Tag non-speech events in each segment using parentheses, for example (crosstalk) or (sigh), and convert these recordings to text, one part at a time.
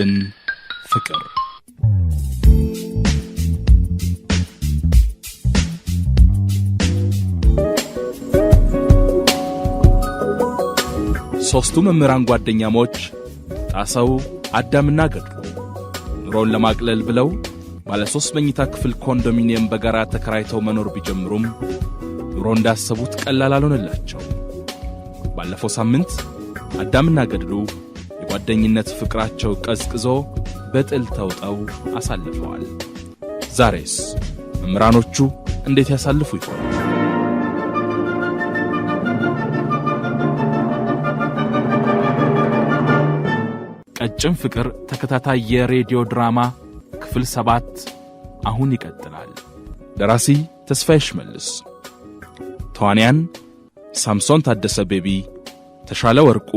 የሚጭን ፍቅር ሦስቱ መምህራን ጓደኛሞች ጣሰው አዳምና ገድሉ ኑሮውን ለማቅለል ብለው ባለ ሦስት መኝታ ክፍል ኮንዶሚኒየም በጋራ ተከራይተው መኖር ቢጀምሩም ኑሮ እንዳሰቡት ቀላል አልሆነላቸው። ባለፈው ሳምንት አዳምና ገድሉ ጓደኝነት ፍቅራቸው ቀዝቅዞ በጥል ተውጠው አሳልፈዋል። ዛሬስ መምህራኖቹ እንዴት ያሳልፉ ይሆን? ቀጭን ፍቅር ተከታታይ የሬዲዮ ድራማ ክፍል ሰባት አሁን ይቀጥላል። ደራሲ ተስፋዬ ሽመልስ፣ ተዋንያን ሳምሶን ታደሰ፣ ቤቢ ተሻለ ወርቁ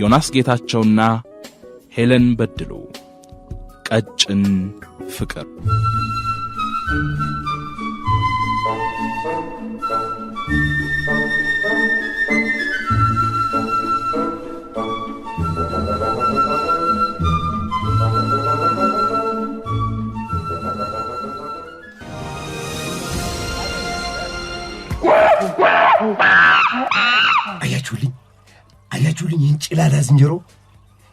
ዮናስ ጌታቸውና ሄለን በድሉ ቀጭን ፍቅር ጭላዳ ዝንጀሮ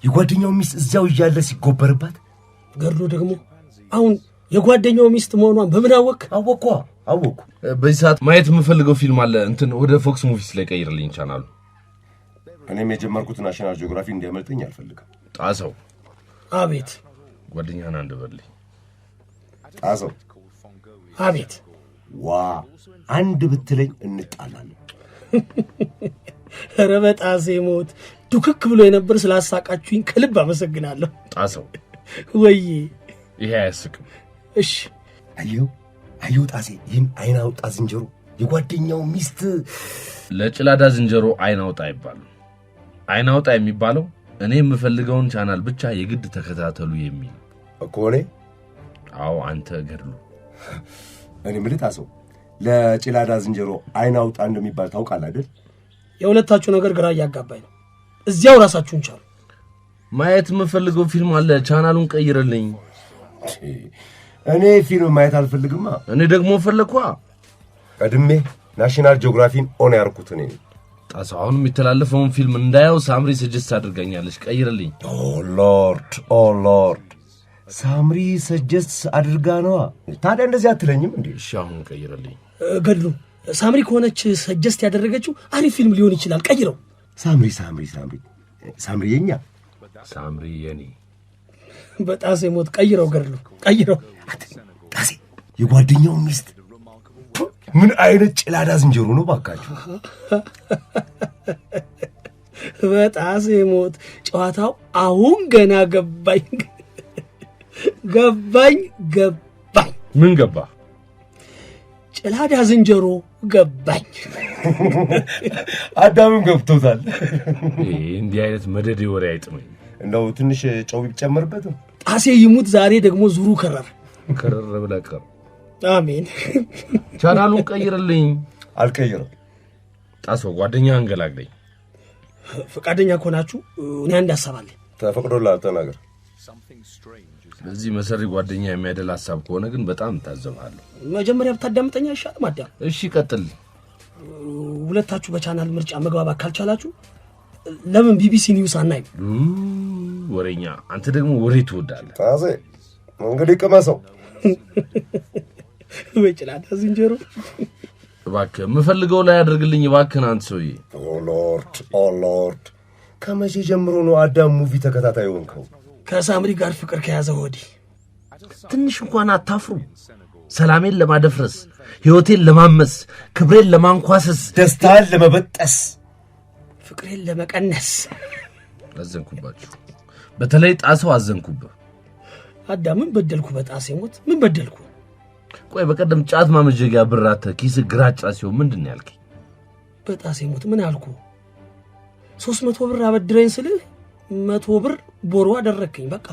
የጓደኛው ሚስት እዚያው እያለ ሲጎበርባት ገድሎ ደግሞ አሁን የጓደኛው ሚስት መሆኗን በምን አወቅ? አወቅኳ አወቅኩ። በዚህ ሰዓት ማየት የምፈልገው ፊልም አለ። እንትን ወደ ፎክስ ሙቪስ ላይ ቀይርልኝ ቻናሉ። እኔም የጀመርኩት ናሽናል ጂኦግራፊ እንዲያመልጠኝ አልፈልግም። ጣሰው። አቤት። ጓደኛህን አንድ በልኝ። ጣሰው። አቤት። ዋ አንድ ብትለኝ እንጣላለን። (laughs) ረበጣሴ ሞት ዱክክ ብሎ የነበር ስላሳቃችሁኝ ከልብ አመሰግናለሁ። ጣሰው ወይ ይሄ አያስቅም። እሺ አየው አየው ጣሴ፣ ይህም አይን አውጣ ዝንጀሮ የጓደኛው ሚስት ለጭላዳ ዝንጀሮ አይን አውጣ አይባሉ። አይን አውጣ የሚባለው እኔ የምፈልገውን ቻናል ብቻ የግድ ተከታተሉ የሚል እኮ እኔ። አዎ አንተ ገድሉ። እኔ የምልህ ጣሰው፣ ለጭላዳ ዝንጀሮ አይን አውጣ እንደሚባል ታውቃለህ አይደል? የሁለታችሁ ነገር ግራ እያጋባኝ ነው። እዚያው ራሳችሁን ቻሉ። ማየት የምፈልገው ፊልም አለ፣ ቻናሉን ቀይርልኝ። እኔ ፊልም ማየት አልፈልግማ። እኔ ደግሞ ፈለግኳ ቀድሜ ናሽናል ጂኦግራፊን ኦን ያርኩት እኔ ጣሳ። አሁን የሚተላለፈውን ፊልም እንዳየው ሳምሪ ስጅስት አድርገኛለች፣ ቀይርልኝ። ኦ ሎርድ ኦ ሎርድ ሳምሪ ሰጀስት አድርጋ ነዋ። ታዲያ እንደዚህ አትለኝም እንዴ? እሺ አሁን ገድሉ ሳምሪ ከሆነች ሰጀስት ያደረገችው አሪፍ ፊልም ሊሆን ይችላል፣ ቀይረው። ሳምሪ ሳምሪ ሳምሪ ሳምሪ የኛ ሳምሪ የኔ በጣሴ ሞት ቀይረው ገድሉ ቀይረው ጣሴ የጓደኛው ሚስት ምን አይነት ጭላዳ ዝንጀሮ ነው ባካችሁ! (laughs) በጣሴ ሞት ጨዋታው አሁን ገና ገባኝ (laughs) ገባኝ ገባኝ። ምን ገባ? ጭላዳ ዝንጀሮ ገባኝ። አዳምም ገብቶታል። እንዲህ አይነት መደድ ወሬ አይጥመኝ። እንደው ትንሽ ጨው ቢጨመርበትም ጣሴ ይሙት። ዛሬ ደግሞ ዙሩ ከረር ከረር ብለህ ቀር። አሜን። ቻናሉን ቀይርልኝ። አልቀይርም። ጣሰው ጓደኛ አንገላግለኝ። ፈቃደኛ ከሆናችሁ እኔ አንድ አሳባለኝ። ተፈቅዶላ ተናገር በዚህ መሰሪ ጓደኛ የሚያደል ሀሳብ ከሆነ ግን በጣም እንታዘብሃለሁ። መጀመሪያ ብታዳምጠኝ ይሻል ማዳ። እሺ፣ ቀጥል። ሁለታችሁ በቻናል ምርጫ መግባባት ካልቻላችሁ ለምን ቢቢሲ ኒውስ አናይም? ወሬኛ፣ አንተ ደግሞ ወሬ ትወዳለህ። ታዜ እንግዲህ ቅመሰው ወይ ዝንጀሮ። እባክህ የምፈልገው ላይ ያደርግልኝ እባክህን፣ አንተ ሰውዬ። ኦ ሎርድ ኦ ሎርድ፣ ከመቼ ጀምሮ ነው አዳም ሙቪ ተከታታይ ሆንከው? ከሳምሪ ጋር ፍቅር ከያዘ ወዲህ ትንሽ እንኳን አታፍሩ ሰላሜን ለማደፍረስ፣ ሕይወቴን ለማመስ፣ ክብሬን ለማንኳሰስ፣ ደስታን ለመበጠስ፣ ፍቅሬን ለመቀነስ አዘንኩባችሁ። በተለይ ጣሰው አዘንኩብህ። ምን በደልኩ። በጣሴ ሞት ምን በደልኩ? ቆይ በቀደም ጫት ማመጀጊያ ብራተ ኪስ ግራጫ ሲሆን ምንድን ያልከኝ? በጣሴ ሞት ምን አልኩ? ሶስት መቶ ብር አበድረኝ ስልህ መቶ ብር ቦሮ አደረግከኝ። በቃ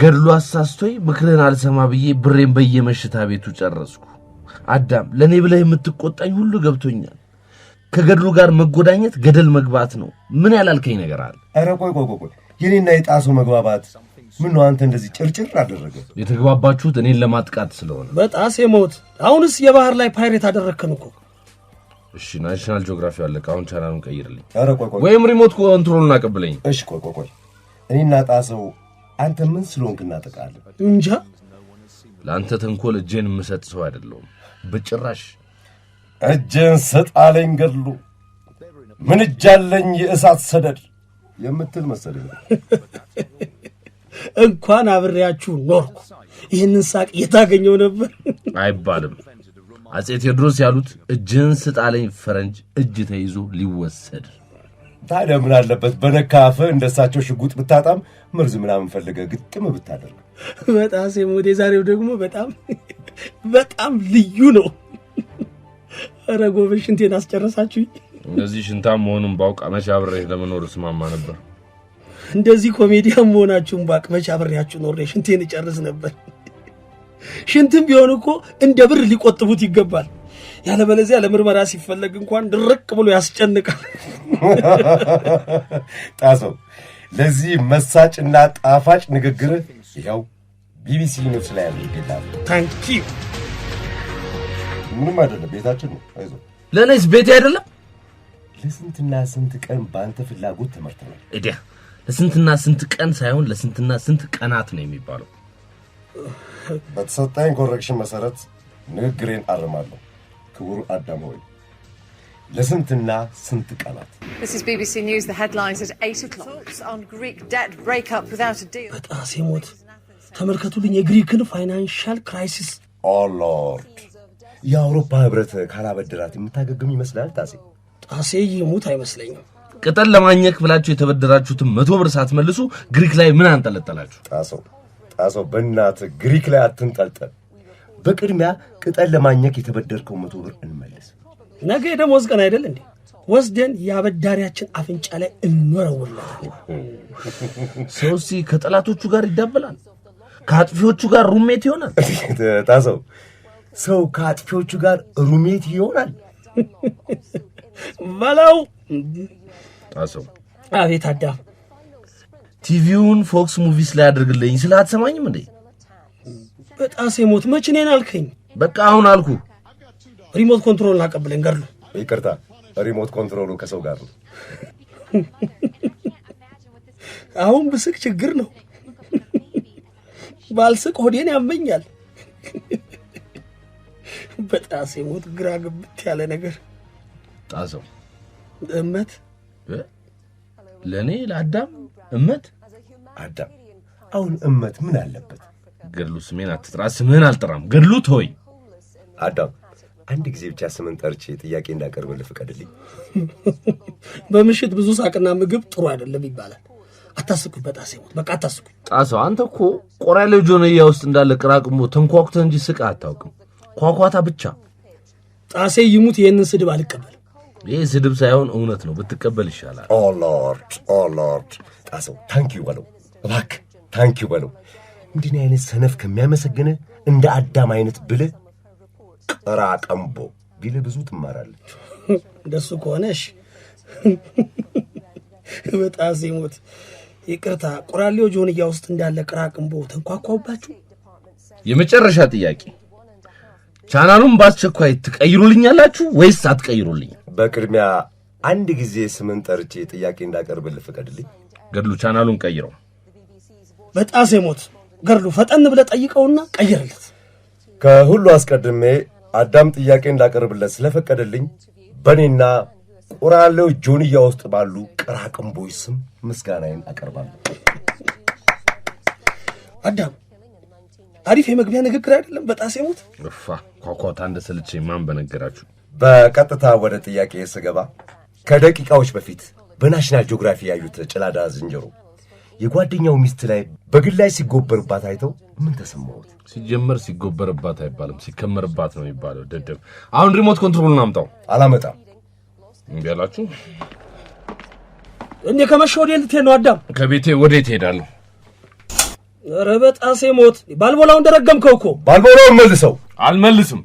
ገድሉ አሳስቶኝ ምክርን አልሰማ ብዬ ብሬን በየመሽታ ቤቱ ጨረስኩ። አዳም፣ ለእኔ ብለህ የምትቆጣኝ ሁሉ ገብቶኛል። ከገድሉ ጋር መጎዳኘት ገደል መግባት ነው። ምን ያላልከኝ ነገር አለ? ኧረ ቆይ ቆይ ቆይ፣ የኔና የጣሱ መግባባት ምን ነው? አንተ እንደዚህ ጭርጭር አደረገ። የተግባባችሁት እኔን ለማጥቃት ስለሆነ በጣሴ ሞት። አሁንስ የባህር ላይ ፓይሬት አደረግከን እኮ እሺ ናሽናል ጂኦግራፊ አለቀ። አሁን ቻናሉን ቀይርልኝ ቆይ ቆይ፣ ወይም ሪሞት ኮንትሮሉን አቀብለኝ። እሺ ቆይ ቆይ ቆይ፣ እኔ እናጣሰው፣ አንተ ምን ስለሆንክ እናጠቃለን? እንጃ። ለአንተ ተንኮል እጄን የምሰጥ ሰው አይደለሁም በጭራሽ። እጄን ስጥ አለኝ ገድሉ። ምን እጃለኝ የእሳት ሰደድ የምትል መሰለኝ። እንኳን አብሬያችሁ ኖርኩ። ይህንን ሳቅ የታገኘው ነበር አይባልም። አጼ ቴዎድሮስ ያሉት እጅህን ስጣለኝ ፈረንጅ እጅ ተይዞ ሊወሰድ። ታዲያ ምን አለበት በነካፈ እንደሳቸው ሽጉጥ ብታጣም ምርዝ ምናምን ፈልገ ግጥም ብታደርግ። በጣም ሴሞዴ ዛሬው ደግሞ በጣም (laughs) በጣም ልዩ ነው። (laughs) ኧረ ጎበዝ ሽንቴን አስጨረሳችሁኝ። እንደዚህ ሽንታም መሆኑን ባውቅ መቼ አብሬህ ለመኖር እስማማ ነበር። እንደዚህ ኮሜዲያም መሆናችሁን ባውቅ መቼ አብሬያችሁ ኖሬ ሽንቴን እጨርስ ነበር። ሽንትም ቢሆን እኮ እንደ ብር ሊቆጥቡት ይገባል። ያለበለዚያ ለምርመራ ሲፈለግ እንኳን ድርቅ ብሎ ያስጨንቃል። (laughs) ጣሰው ለዚህ መሳጭና ጣፋጭ ንግግር ይኸው ቢቢሲ ኒውስ ላይ ያለ ይገኛል። ታንኪ። ምንም አይደለም፣ ቤታችን ነው። አይዞ። ለእኔስ ቤቴ አይደለም። ለስንትና ስንት ቀን በአንተ ፍላጎት ተመርተናል። እዲያ ለስንትና ስንት ቀን ሳይሆን ለስንትና ስንት ቀናት ነው የሚባለው። በተሰጣኝ ኮረክሽን መሰረት ንግግሬን አርማለሁ። ክቡር አዳም ሆይ ለስንትና ስንት ቀናት በጣሴ ሞት ተመልከቱልኝ። የግሪክን ፋይናንሻል ክራይሲስ ኦ ሎርድ። የአውሮፓ ህብረት ካላበደራት የምታገግም ይመስላል ጣሴ። ጣሴ ይሙት አይመስለኝም። ቅጠል ለማግኘት ብላችሁ የተበደራችሁትን መቶ ብር ሳትመልሱ ግሪክ ላይ ምን አንጠለጠላችሁ ጣሰው? ጣሰው በእናት ግሪክ ላይ አትንጠልጠል። በቅድሚያ ቅጠል ለማግኘት የተበደርከው መቶ ብር እንመልስ። ነገ የደሞዝ ቀን አይደል እንዴ? ወስደን የአበዳሪያችን አፍንጫ ላይ እንወረውርለታል። ሰው ሲ ከጠላቶቹ ጋር ይዳበላል፣ ከአጥፊዎቹ ጋር ሩሜት ይሆናል። ጣሰው ሰው ከአጥፊዎቹ ጋር ሩሜት ይሆናል በለው። ጣሰው አቤት አዳም ቲቪውን ፎክስ ሙቪስ ላይ አድርግልኝ ስለ አትሰማኝም እንዴ? በጣሴ ሞት መች እኔን አልከኝ? በቃ አሁን አልኩ። ሪሞት ኮንትሮል አቀብለኝ ገርሉ። ይቅርታ፣ ሪሞት ኮንትሮሉ ከሰው ጋር ነው። አሁን ብስቅ ችግር ነው፣ ባልስቅ ሆዴን ያመኛል። በጣሴ ሞት ግራ ግብት ያለ ነገር ጣሰው እመት ለእኔ ለአዳም እመት አዳም። አሁን እመት ምን አለበት? ገድሉ ስሜን አትጥራ፣ ስምህን አልጠራም። ገድሉ ተወይ። አዳም አንድ ጊዜ ብቻ ስምን ጠርቼ ጥያቄ እንዳቀርብ ልፍቀድልኝ (laughs) በምሽት ብዙ ሳቅና ምግብ ጥሩ አይደለም ይባላል። አታስቁኝ፣ በጣሴ ሞት በቃ አታስቁኝ። ጣሰው አንተ እኮ ቆራ ልጅ ጆንያ ውስጥ እንዳለ ቅራቅሞ ተንኳኩተ እንጂ ስቃ አታውቅም። ኳኳታ ብቻ። ጣሴ ይሙት፣ ይህንን ስድብ አልቀበልም። ይህ ስድብ ሳይሆን እውነት ነው፣ ብትቀበል ይሻላል። ኦ ሎርድ ኦ ሎርድ። ጣሰው ታንኪዩ በለው እባክህ፣ ታንኪዩ በለው እንዲህ አይነት ሰነፍ ከሚያመሰግነ እንደ አዳም አይነት ብልህ ቅራ ቀምቦ ቢልህ ብዙ ትማራለች። እንደሱ ከሆነሽ በጣሴ ሞት ይቅርታ፣ ቆራሌው ጆንያ ውስጥ እንዳለ ቅራቅንቦ ተንኳኳውባችሁ ተንኳኳባችሁ። የመጨረሻ ጥያቄ ቻናሉን በአስቸኳይ ትቀይሩልኛላችሁ ወይስ አትቀይሩልኝ? በቅድሚያ አንድ ጊዜ ስምን ጠርቼ ጥያቄ እንዳቀርብልህ ፍቀድልኝ። ገድሉ ቻናሉን ቀይረው። በጣሴ ሞት ገድሉ ፈጠን ብለ ጠይቀውና ቀይርለት። ከሁሉ አስቀድሜ አዳም ጥያቄ እንዳቀርብለት ስለፈቀደልኝ በእኔና ቆራሌው ጆንያ ውስጥ ባሉ ቅራቅንቦች ስም ምስጋናዬን አቀርባለሁ። አዳም አሪፍ የመግቢያ ንግግር አይደለም? በጣሴ ሞት እፋ ኳኳታ ስልቼ ማን በነገራችሁ በቀጥታ ወደ ጥያቄ ስገባ ከደቂቃዎች በፊት በናሽናል ጂኦግራፊ ያዩት ጭላዳ ዝንጀሮ የጓደኛው ሚስት ላይ በግል ላይ ሲጎበርባት አይተው ምን ተሰማሁት? ሲጀመር ሲጎበርባት አይባልም ሲከመርባት ነው የሚባለው። ደደብ አሁን ሪሞት ኮንትሮሉን አምጣው። አላመጣም። እምቢ አላችሁ እንዴ? ከመሸ ወዴት ልትሄድ ነው አዳም? ከቤቴ ወዴት እሄዳለሁ? ኧረ በጣሴ ሞት ባልቦላው እንደረገምከው እኮ ባልቦላው መልሰው። አልመልስም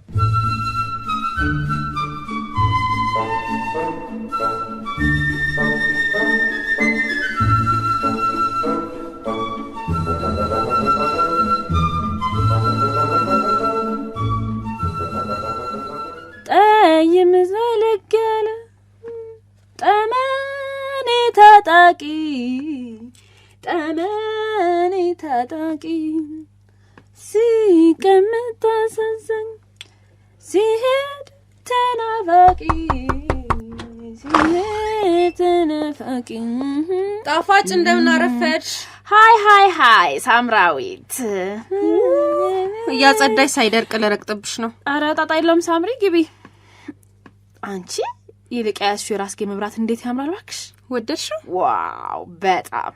ታጣቂ ሲቀመጥ አሳዛኝ ሲሄድ ተናፋቂ ሲሄድ ጣፋጭ እንደምናረፈድሽ። ሀይ ሀይ ሀይ ሳምራዊት እያጸዳሽ ሳይደርቅ ልረግጥብሽ ነው። አረ ጣጣ የለውም ሳምሪ ግቢ። አንቺ ይልቅ ያዝሽው የራስጌ መብራት እንዴት ያምራል ባክሽ! ወደድሽው? ዋው በጣም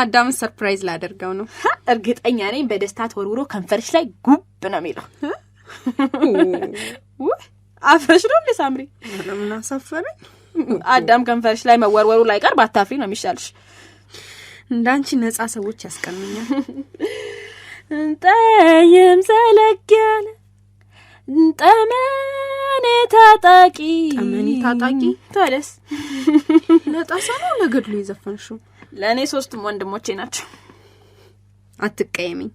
አዳምን ሰርፕራይዝ ላደርገው ነው። እርግጠኛ ነኝ በደስታ ተወርውሮ ከንፈርሽ ላይ ጉብ ነው የሚለው። አፍረሽ ነው እንዴ ሳምሪ? ምን አሳፈረኝ። አዳም ከንፈርሽ ላይ መወርወሩ ላይ ቀር ባታፍሪ ነው የሚሻልሽ። እንዳንቺ ነጻ ሰዎች ያስቀኑኛል። ጠይም ዘለግ ጠመኔ ታጣቂ ጠመኔ ታጣቂ ታደስ ነጣ ሰው ነው ለገድሉ የዘፈንሽው ለእኔ ሶስቱም ወንድሞቼ ናቸው። አትቀየምኝ።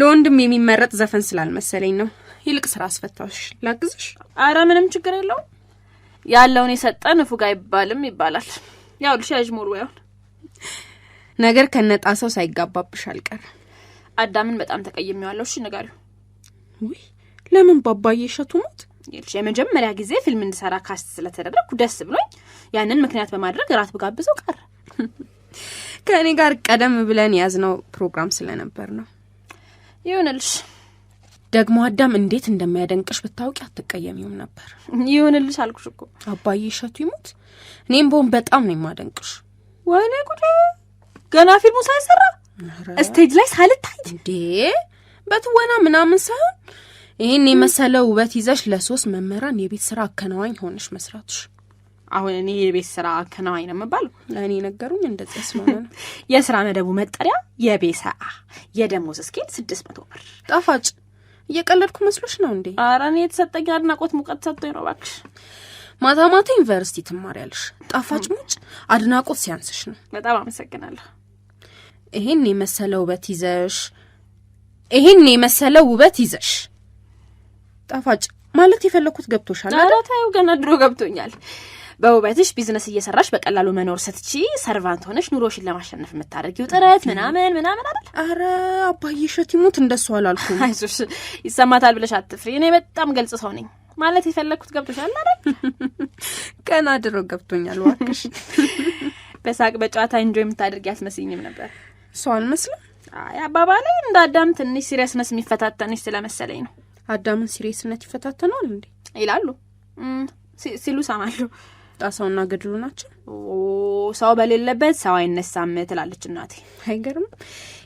ለወንድም የሚመረጥ ዘፈን ስላልመሰለኝ ነው። ይልቅ ስራ አስፈታሽ ላግዝሽ። አረ ምንም ችግር የለው። ያለውን የሰጠን ንፉግ አይባልም ይባላል። ያው ልሽ ያዥሙር ወይሁን ነገር ከነጣሰው ሳይጋባብሽ አልቀር። አዳምን በጣም ተቀይሜዋለሁ። እሺ ንገሪው። ውይ ለምን ባባዬ እሸቱ ሞት? ይልሽ የመጀመሪያ ጊዜ ፊልም እንድሰራ ካስት ስለተደረግኩ ደስ ብሎኝ ያንን ምክንያት በማድረግ እራት ብጋብዘው ቀረ። ከእኔ ጋር ቀደም ብለን የያዝነው ፕሮግራም ስለነበር ነው። ይሁንልሽ። ደግሞ አዳም እንዴት እንደሚያደንቅሽ ብታውቂ አትቀየሚውም ነበር። ይሁንልሽ አልኩሽ እኮ አባዬ እሸቱ ይሙት፣ እኔም በሆን በጣም ነው የማደንቅሽ። ወይኔ ጉዴ! ገና ፊልሙ ሳይሰራ ስቴጅ ላይ ሳልታይ እንዴ! በትወና ምናምን ሳይሆን ይህን የመሰለ ውበት ይዘሽ ለሶስት መምህራን የቤት ስራ አከናዋኝ ሆነሽ መስራትሽ አሁን እኔ የቤት ስራ አከናዋኝ ነው የምባለው። እኔ ነገሩኝ እንደዚህ ስለሆነ ነው። (laughs) የስራ መደቡ መጠሪያ የቤሰአ የደሞዝ ስኬል ስድስት መቶ ብር። ጣፋጭ እየቀለድኩ መስሎች ነው እንዴ? ኧረ እኔ የተሰጠኝ አድናቆት ሙቀት ሰጥቶኝ ነው። እባክሽ ማታ ማታ ዩኒቨርሲቲ ትማሪያለሽ ጣፋጭ ሙጭ፣ አድናቆት ሲያንስሽ ነው። በጣም አመሰግናለሁ። ይህን የመሰለ ውበት ይዘሽ ይህን የመሰለ ውበት ይዘሽ ጣፋጭ ማለት የፈለግኩት ገብቶሻል? ኧረ ተይው፣ ገና ድሮ ገብቶኛል። በውበትሽ ቢዝነስ እየሰራሽ በቀላሉ መኖር ስትቺ ሰርቫንት ሆነሽ ኑሮሽን ለማሸነፍ የምታደርጊው ጥረት ምናምን ምናምን አይደል? አረ አባዬ እሸት ይሙት እንደሱ አላልኩም። አይዞሽ ይሰማታል ብለሽ አትፍሪ። እኔ በጣም ገልጽ ሰው ነኝ። ማለት የፈለግኩት ገብቶሻል አይደል? ቀና ድሮ ገብቶኛል። ዋክሽ በሳቅ በጨዋታ እንጆ የምታደርጊ አትመስኝም ነበር። ሰው አልመስልም። አይ አባባሌ እንደ አዳም ትንሽ ሲሪየስነስ የሚፈታተንሽ ስለመሰለኝ ነው። አዳምን ሲሪየስነት ይፈታተነዋል እንዴ ይላሉ ሲሉ ሰማለሁ። ጣሳውና ገድሉ ናቸው። ሰው በሌለበት ሰው አይነሳም ትላለች እናቴ። አይገርም?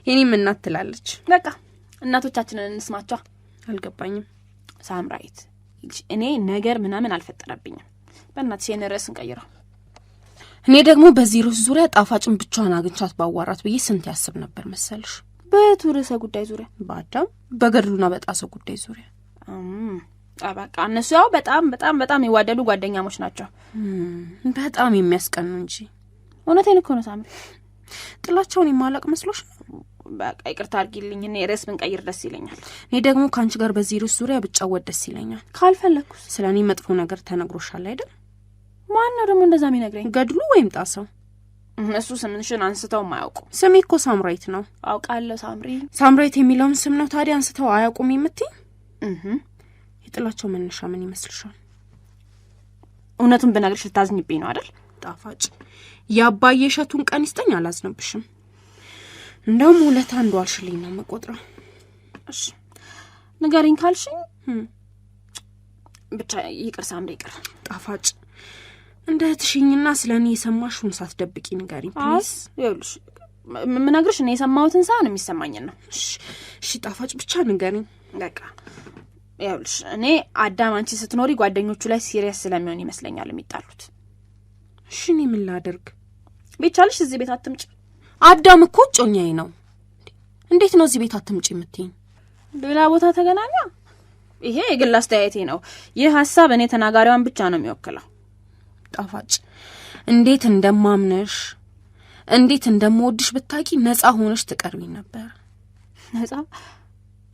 የኔም እናት ትላለች። በቃ እናቶቻችንን እንስማቸዋ። አልገባኝም ሳምራይት እኔ ነገር ምናምን አልፈጠረብኝም። በእናትሽ ይህን ርዕስ እንቀይረው። እኔ ደግሞ በዚህ ርዕስ ዙሪያ ጣፋጭን ብቻዋን አግኝቻት ባዋራት ብዬ ስንት ያስብ ነበር መሰልሽ። በቱ ርዕሰ ጉዳይ ዙሪያ በአዳም በገድሉና በጣሰው ጉዳይ ዙሪያ በቃ እነሱ ያው በጣም በጣም በጣም የዋደዱ ጓደኛሞች ናቸው። በጣም የሚያስቀኑ እንጂ እውነቴን እኮ ነው ሳምሪ። ጥላቸውን የማላቅ መስሎሽ? በቃ ይቅርታ አድርጊልኝ። እኔ ርዕስ ብንቀይር ደስ ይለኛል። እኔ ደግሞ ከአንቺ ጋር በዚህ ርዕስ ዙሪያ ብጫወት ደስ ይለኛል። ካልፈለግኩ ስለ እኔ መጥፎ ነገር ተነግሮሻል አይደል? ማን ነው ደግሞ እንደዛ የሚነግረኝ? ገድሉ ወይም ጣሰው? እሱ ስምንሽን አንስተው አያውቁ። ስሜ እኮ ሳምሬት ነው። አውቃለሁ ሳምሪ። ሳምሬት የሚለውን ስም ነው ታዲያ አንስተው አያውቁም የምትይ? የጥላቸው መነሻ ምን ይመስልሻል? እውነቱን ብነግርሽ ልታዝኝብኝ ነው አይደል? ጣፋጭ የአባዬ እሸቱን ቀን ይስጠኝ። አላዝነብሽም። እንደውም ሁለት አንዱ አልሽልኝ ነው መቆጥረው። እሺ ንገሪኝ ካልሽኝ ብቻ ይቅር። ሳምደ ይቅር። ጣፋጭ እንደ እህትሽኝና ስለ እኔ የሰማሽውን ሳትደብቂ ንገሪኝ ፕሊዝ። ይኸውልሽ የምነግርሽ እኔ የሰማሁትን ሳይሆን የሚሰማኝን ነው። እሺ ጣፋጭ ብቻ ንገሪኝ በቃ ይኸውልሽ እኔ አዳም አንቺ ስትኖሪ ጓደኞቹ ላይ ሲሪየስ ስለሚሆን ይመስለኛል የሚጣሉት። እሺ እኔ ምን ላደርግ? ቤቻልሽ እዚህ ቤት አትምጭ። አዳም እኮ እጮኛዬ ነው። እንዴት ነው እዚህ ቤት አትምጭ የምትይኝ? ሌላ ቦታ ተገናኛ። ይሄ የግል አስተያየቴ ነው። ይህ ሀሳብ እኔ ተናጋሪዋን ብቻ ነው የሚወክለው። ጣፋጭ እንዴት እንደማምነሽ እንዴት እንደምወድሽ ብታቂ ነጻ ሆነሽ ትቀርቢ ነበር። ነጻ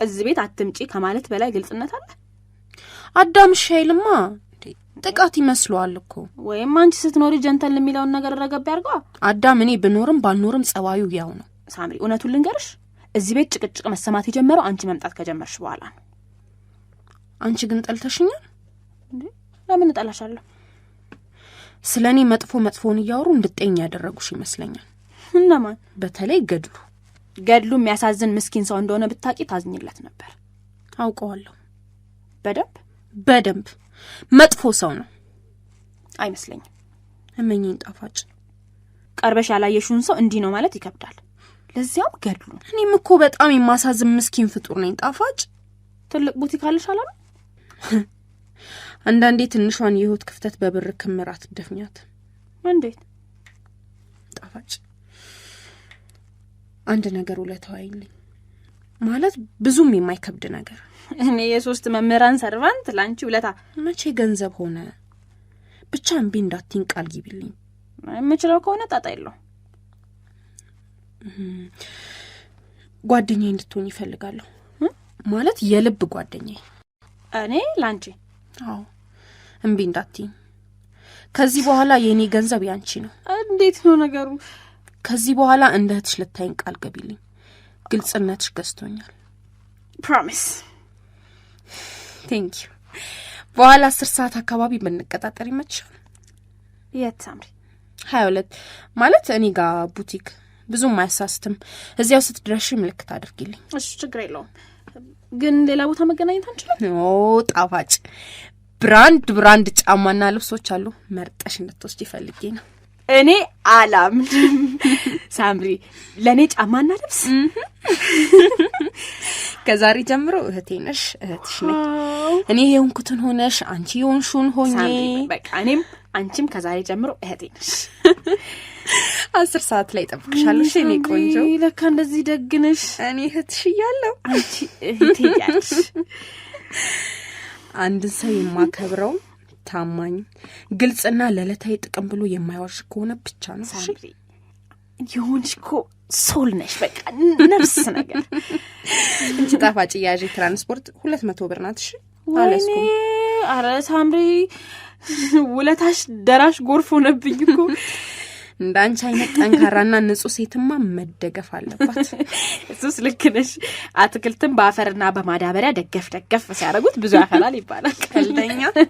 እዚህ ቤት አትምጪ ከማለት በላይ ግልጽነት አለ? አዳምሽ አይልማ ጥቃት ይመስለዋል እኮ ወይም አንቺ ስትኖሪ ጀንተል የሚለውን ነገር ረገብ ያርገዋ። አዳም እኔ ብኖርም ባልኖርም ጸባዩ ያው ነው። ሳምሪ እውነቱን ልንገርሽ፣ እዚህ ቤት ጭቅጭቅ መሰማት የጀመረው አንቺ መምጣት ከጀመርሽ በኋላ ነው። አንቺ ግን ጠልተሽኛል። ለምን እጠላሻለሁ? ስለ እኔ መጥፎ መጥፎውን እያወሩ እንድጤኝ ያደረጉሽ ይመስለኛል። እነማን? በተለይ ገድሉ ገድሉ የሚያሳዝን ምስኪን ሰው እንደሆነ ብታቂ ታዝኝለት ነበር። አውቀዋለሁ በደንብ በደንብ። መጥፎ ሰው ነው አይመስለኝም። እመኝን ጣፋጭ ቀርበሽ ያላየሽውን ሰው እንዲህ ነው ማለት ይከብዳል። ለዚያም ገድሉ። እኔም እኮ በጣም የማሳዝን ምስኪን ፍጡር ነኝ ጣፋጭ። ትልቅ ቡቲክ አለሽ አላሉ። አንዳንዴ ትንሿን የህይወት ክፍተት በብር ክምር አትደፍኛት። እንዴት ጣፋጭ አንድ ነገር ውለታዋ አይልኝ ማለት ብዙም የማይከብድ ነገር። እኔ የሶስት መምህራን ሰርቫንት ለአንቺ ውለታ መቼ ገንዘብ ሆነ? ብቻ እምቢ እንዳትኝ ቃል ግቢልኝ። የምችለው ከሆነ ጣጣ የለው። ጓደኛ እንድትሆኝ ይፈልጋለሁ። ማለት የልብ ጓደኛ እኔ ለአንቺ? አዎ። እምቢ እንዳትኝ። ከዚህ በኋላ የእኔ ገንዘብ ያንቺ ነው። እንዴት ነው ነገሩ? ከዚህ በኋላ እንደ እህትሽ ልታይኝ ቃል ገቢልኝ። ግልጽነትሽ ገዝቶኛል። ፕሮሚስ። ቴንክ ዩ። በኋላ አስር ሰዓት አካባቢ ብንቀጣጠር ይመችሻል? የት ሳምሪ? ሀያ ሁለት ማለት እኔ ጋ ቡቲክ። ብዙም አያሳስትም። እዚያው ስትድረሽ ምልክት አድርጊልኝ። እሱ ችግር የለውም። ግን ሌላ ቦታ መገናኘት አንችልም? ኦ ጣፋጭ ብራንድ ብራንድ ጫማና ልብሶች አሉ። መርጠሽ እንድትወስድ ይፈልጌ ነው። እኔ አላም ሳምሪ ለእኔ ጫማ እናለብስ። ከዛሬ ጀምሮ እህቴ ነሽ፣ እህትሽ ነ እኔ የሆንኩትን ሆነሽ አንቺ የሆንሹን ሆኜ በቃ እኔም አንቺም ከዛሬ ጀምሮ እህቴ ነሽ። አስር ሰዓት ላይ ጠብቅሻለሽ። እኔ ቆንጆ ለካ እንደዚህ ደግነሽ። እኔ እህትሽ እያለው አንቺ እህቴ ያለሽ አንድን ሰው የማከብረው ታማኝ፣ ግልጽና ለዕለታዊ ጥቅም ብሎ የማይዋሽ ከሆነ ብቻ ነው። የሆንሽ እኮ ሶል ነሽ፣ በቃ ነፍስ ነገር እንጂ ጣፋጭ ያዥ ትራንስፖርት ሁለት መቶ ብር ናት። እሺ ወይኔ፣ አረ ሳምሪ ውለታሽ ደራሽ ጎርፍ ሆነብኝ እኮ እንደ አንቺ አይነት ጠንካራና ንጹህ ሴትማ መደገፍ አለባት። እሱስ (laughs) ልክ ነሽ። አትክልትን በአፈርና በማዳበሪያ ደገፍ ደገፍ ሲያደርጉት ብዙ ያፈላል ይባላል። ቀልደኛ (laughs)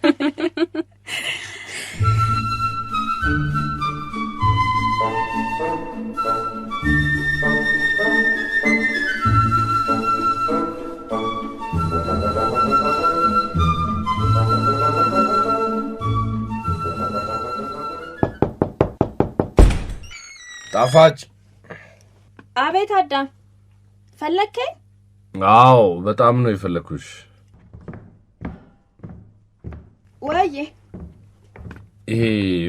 ጣፋጭ። አቤት አዳም፣ ፈለግከኝ? አዎ በጣም ነው የፈለግኩሽ። ወይዬ ይሄ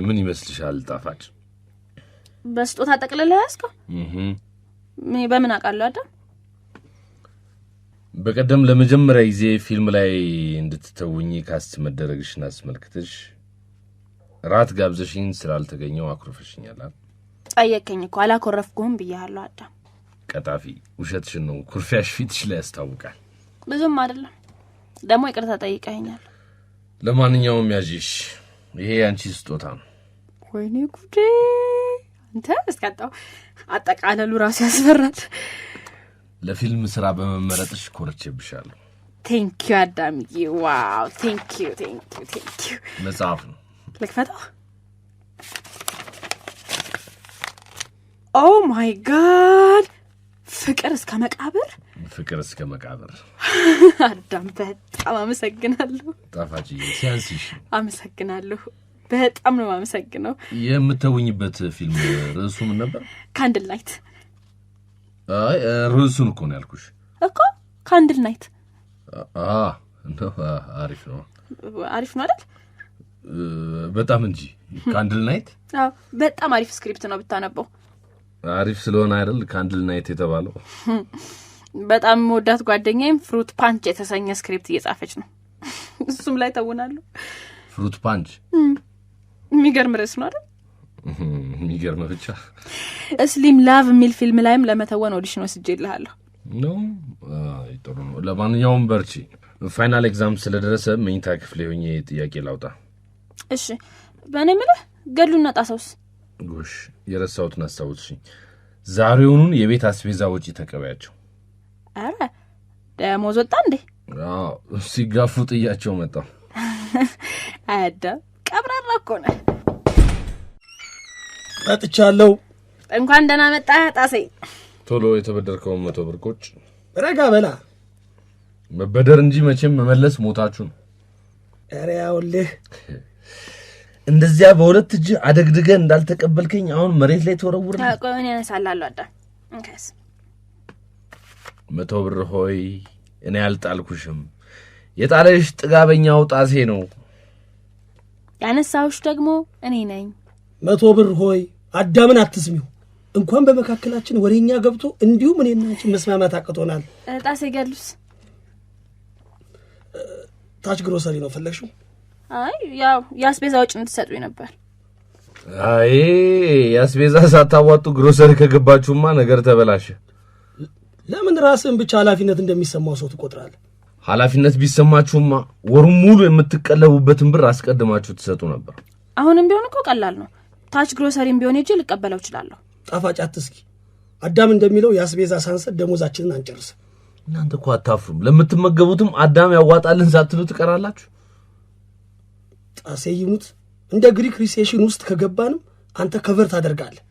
ምን ይመስልሻል? ጣፋጭ በስጦታ ጠቅልለህ ያዝከው? በምን አውቃለሁ አዳም? በቀደም ለመጀመሪያ ጊዜ ፊልም ላይ እንድትተውኝ ካስት መደረግሽን አስመልክተሽ ራት ጋብዘሽኝ ስላልተገኘው አኩርፈሽኛል። ጠየቀኝ እኮ አላኮረፍኩህም ብያለሁ አዳም። ቀጣፊ ውሸትሽን ነው። ኩርፊያሽ ፊትሽ ላይ ያስታውቃል። ብዙም አይደለም ደግሞ ይቅርታ ጠይቀኛል። ለማንኛውም ያዥሽ፣ ይሄ አንቺ ስጦታ ነው። ወይኔ ጉዴ! አንተ እስቀጣው አጠቃለሉ ራሱ ያስፈራል። ለፊልም ስራ በመመረጥሽ ኮርቼብሻለሁ። ቴንኪዩ አዳምዬ። ዋው! ቴንኪዩ ቴንኪዩ ቴንኪዩ። መጽሐፍ ነው። ልክፈተው ኦ ማይ ጋድ! ፍቅር እስከ መቃብር፣ ፍቅር እስከ መቃብር። (laughs) አዳም በጣም አመሰግናለሁ። ጣፋጭ ሲያንስሽ። አመሰግናለሁ። በጣም ነው አመሰግነው። የምተውኝበት ፊልም ርዕሱ ምን ነበር? ካንድል ናይት። አይ ርዕሱን እኮ ነው ያልኩሽ እኮ ካንድል ናይት። አሪፍ ነው አሪፍ ነው አይደል? በጣም እንጂ ካንድል (laughs) ናይት በጣም አሪፍ ስክሪፕት ነው ብታነበው አሪፍ ስለሆነ አይደል ካንድል ናይት የተባለው። በጣም መወዳት ጓደኛዬም ፍሩት ፓንች የተሰኘ ስክሪፕት እየጻፈች ነው። እሱም ላይ ተውናሉ። ፍሩት ፓንች የሚገርም ርዕስ ነው አይደል? የሚገርም ብቻ። እስሊም ላቭ የሚል ፊልም ላይም ለመተወን ኦዲሽን ወስጄ እልሃለሁ። ነው ጥሩ ነው። ለማንኛውም በርቺ። ፋይናል ኤግዛም ስለደረሰ መኝታ ክፍል የሆኜ ጥያቄ ላውጣ። እሺ። በእኔ ምልህ ገድሉና ጣሰውስ ጎሽ የረሳሁትን አስታወስሽኝ። ዛሬውኑን የቤት አስቤዛ ወጪ ተቀበያቸው። አረ ደሞዝ ወጣ እንዴ? ሲጋፉ ጥያቸው መጣ። (laughs) አዳ ቀብራራ እኮ ነህ። ጠጥቻለሁ። እንኳን ደህና መጣ ጣሴ። ቶሎ የተበደርከውን መቶ ብር ቁጭ ረጋ በላ። መበደር እንጂ መቼም መመለስ ሞታችሁ ነው። ኧረ ያውልህ (laughs) እንደዚያ በሁለት እጅ አደግድገ እንዳልተቀበልከኝ አሁን መሬት ላይ ተወረውር። ቆዩን ያነሳላሉ አዳ እንከስ መቶ ብር ሆይ እኔ ያልጣልኩሽም የጣለሽ ጥጋበኛው ጣሴ ነው፣ ያነሳሁሽ ደግሞ እኔ ነኝ። መቶ ብር ሆይ አዳምን አትስሚው። እንኳን በመካከላችን ወሬኛ ገብቶ እንዲሁም እኔናችን መስማማት አቅቶናል። ጣሴ ገሉስ ታች ግሮሰሪ ነው ፈለግሽው አይ የአስቤዛ ወጭን እንድትሰጡኝ ነበር። አይ የአስቤዛ ሳታዋጡ ግሮሰሪ ከገባችሁማ ነገር ተበላሸ። ለምን ራስን ብቻ ኃላፊነት እንደሚሰማው ሰው ትቆጥራለህ? ኃላፊነት ቢሰማችሁማ ወሩን ሙሉ የምትቀለቡበትን ብር አስቀድማችሁ ትሰጡ ነበር። አሁንም ቢሆን እኮ ቀላል ነው። ታች ግሮሰሪም ቢሆን ሄጄ ልቀበለው እችላለሁ። ጣፋጭ አትስኪ። አዳም እንደሚለው የአስቤዛ ሳንሰጥ ደሞዛችንን አንጨርስም። እናንተ እኮ አታፍሩም። ለምትመገቡትም አዳም ያዋጣልን ሳትሉ ትቀራላችሁ። ጣሴ ይሙት እንደ ግሪክ ሪሴሽን ውስጥ ከገባንም አንተ ከቨር ታደርጋለህ።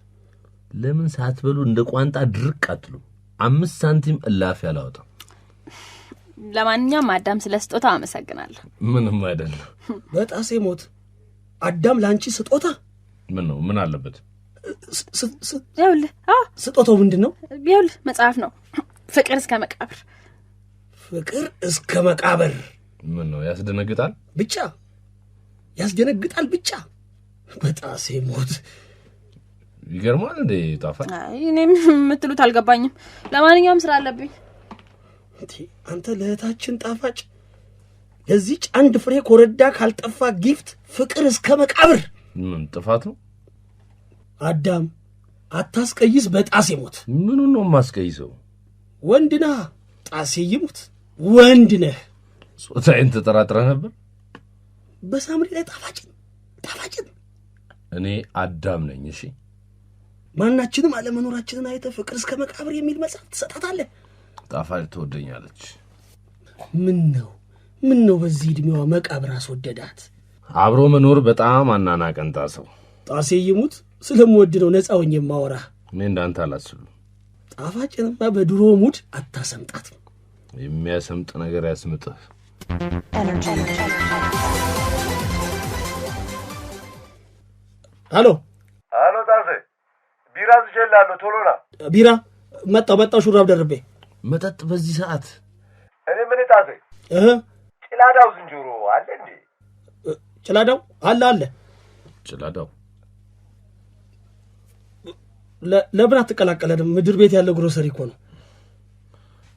ለምን ሳትበሉ እንደ ቋንጣ ድርቅ አትሉ? አምስት ሳንቲም እላፊ አላወጣም። ለማንኛውም አዳም ስለ ስጦታ አመሰግናለሁ። ምንም አይደለም። በጣሴ ሞት አዳም ለአንቺ ስጦታ ምን ነው? ምን አለበት? ይኸውልህ ስጦታው ምንድን ነው? ይኸውልህ መጽሐፍ ነው። (clears throat) ፍቅር እስከ መቃብር። ፍቅር እስከ መቃብር። ምን ነው ያስደነግጣል? ብቻ ያስደነግጣል ብቻ በጣሴ ሞት ይገርማል እንዴ ጣፋ እኔም የምትሉት አልገባኝም ለማንኛውም ስራ አለብኝ እንዴ አንተ ለእህታችን ጣፋጭ ለዚች አንድ ፍሬ ኮረዳ ካልጠፋ ጊፍት ፍቅር እስከ መቃብር ምን ጥፋት ነው አዳም አታስቀይስ በጣሴ ሞት ምኑ ነው የማስቀይሰው ወንድ ነህ ጣሴ ይሙት ወንድ ነህ ጾታዬን ተጠራጥረህ ነበር በሳምሪ ላይ ጣፋጭን ጣፋጭን እኔ አዳም ነኝ። እሺ ማናችንም አለመኖራችንን አይተ ፍቅር እስከ መቃብር የሚል መጽሐፍ ትሰጣታለህ። ጣፋጭ ትወደኛለች። ምን ነው ምን ነው በዚህ ዕድሜዋ መቃብር አስወደዳት። አብሮ መኖር በጣም አናናቀን። ጣሰው ጣሴ ይሙት ስለምወድ ነው ነፃ ሆኜ እኔ እንዳንተ አላስሉ ጣፋጭንማ በድሮ ሙድ አታሰምጣት። የሚያሰምጥ ነገር ያስምጥህ። አሎ አሎ፣ ታዘ ቢራ ዝዤልሃለሁ፣ ቶሎ ና። ቢራ መጣው መጣው፣ ሹራብ ደርቤ መጠጥ በዚህ ሰዓት እኔ ምን ታዘ እህ ጭላዳው ዝንጀሮ አለ እንዴ? ጭላዳው አለ አለ። ጭላዳው ለምን አትቀላቀለንም? ምድር ቤት ያለ ግሮሰሪ እኮ ነው።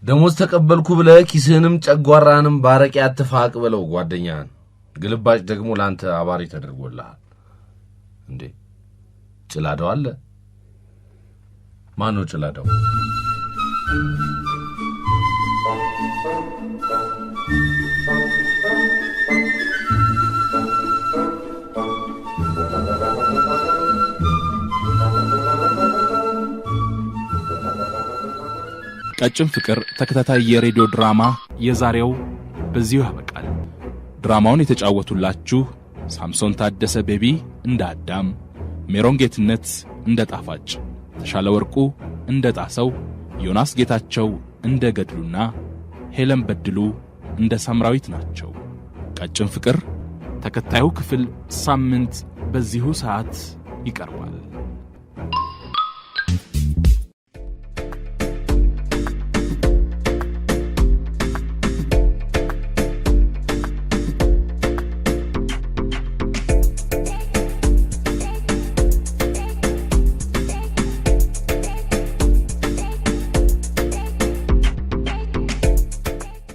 ደሞዝ ተቀበልኩ ብለ ኪስህንም ጨጓራንም ባረቂ አትፋቅ ብለው ጓደኛህን። ግልባጭ ደግሞ ለአንተ አባሪ ተደርጎልሃል። እንዴ ጭላዳው አለ? ማኖ ጭላዳው? ቀጭን ፍቅር ተከታታይ የሬዲዮ ድራማ የዛሬው በዚሁ ያበቃል። ድራማውን የተጫወቱላችሁ ሳምሶን ታደሰ ቤቢ እንደ አዳም፣ ሜሮን ጌትነት እንደ ጣፋጭ፣ ተሻለ ወርቁ እንደ ጣሰው፣ ዮናስ ጌታቸው እንደ ገድሉና ሄለን በድሉ እንደ ሳምራዊት ናቸው። ቀጭን ፍቅር ተከታዩ ክፍል ሳምንት በዚሁ ሰዓት ይቀርባል።